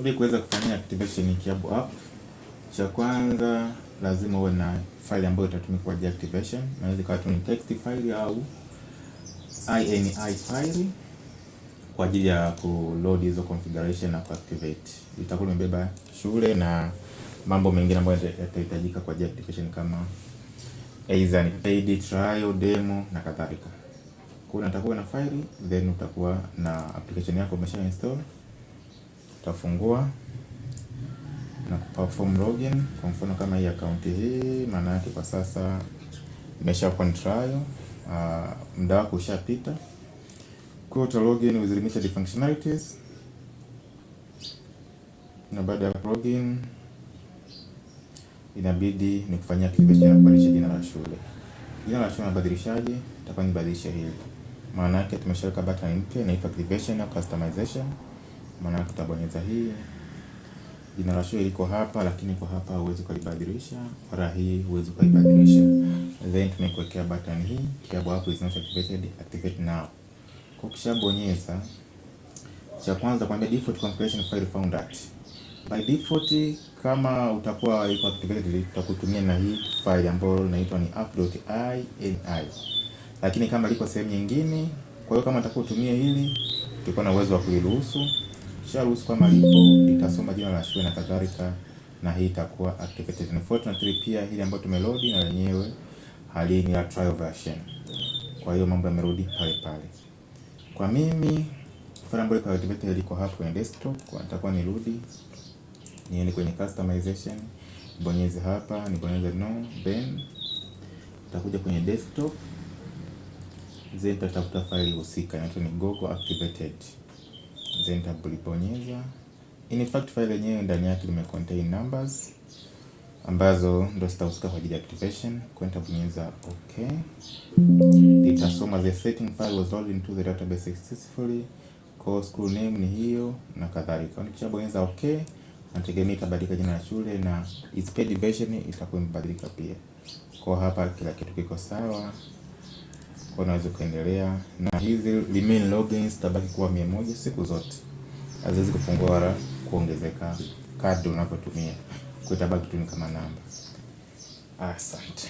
Ili kuweza kufanya activation ya Kiambu app, cha kwanza lazima uwe na file ambayo itatumika kwa ajili ya activation. Inaweza ikawa tu ni text file au ini file kwa ajili ya ku load hizo configuration na ku activate. Itakuwa imebeba shule na mambo mengine ambayo yatahitajika kwa ajili ya application kama either ni paid trial, demo na kadhalika. Kuna hiyo na file then utakuwa na application yako umesha install. Tafungua na kuperform login kwa mfano kama hii akaunti hii, maana yake kwa sasa imesha kwa trial, uh, muda wako ushapita. Kwa uta login with limited functionalities, na baada ya login inabidi ni kufanyia activation ya kubadilisha jina la shule. Jina la shule nabadilishaje? Nitakuwa nibadilisha hili, maana yake tumeshaweka button mpya inaitwa activation na customization maana yake utabonyeza hii. Jina la shule liko hapa, lakini kwa hapa huwezi ukalibadilisha, wala hii huwezi ukalibadilisha. Then tumekuwekea button hii kiabu hapo, is not activated, activate now. Kwa kishabonyeza, cha kwanza kwa default configuration file found that by default, kama utakuwa iko activated utakutumia na hii file ambayo inaitwa ni app.ini, lakini kama liko sehemu nyingine, kwa hiyo kama utakuwa utumie hili utakuwa na uwezo wa kuiruhusu Ukisharuhusu kwa malipo itasoma jina la shule na kadhalika, na hii itakuwa activated. Na 423 pia hili ambayo tumeload na lenyewe hali ni ya trial version, kwa hiyo mambo yamerudi pale pale. Kwa mimi file ambayo iko activated liko hapo kwenye desktop, kwa nitakuwa nirudi niende kwenye customization, bonyeze hapa, nibonyeze no, then nitakuja kwenye desktop, then nitatafuta file husika inaitwa ni Gogo activated then nitakulibonyeza. In fact file yenyewe ndani yake lime contain numbers ambazo ndo zitahusika kwa ajili ya activation. kwenda nitabonyeza okay, itasoma the setting file was loaded into the database successfully, kwa school name ni hiyo na kadhalika. bonyeza okay, nategemea itabadilika jina la shule na its paid version itakuwa imebadilika pia. Kwa hapa kila kitu kiko sawa unaweza kuendelea na hizi remain logins tabaki kuwa mia moja siku zote, haziwezi kupungua wala kuongezeka kadri unavyotumia, kwa itabaki tu kama namba. Asante.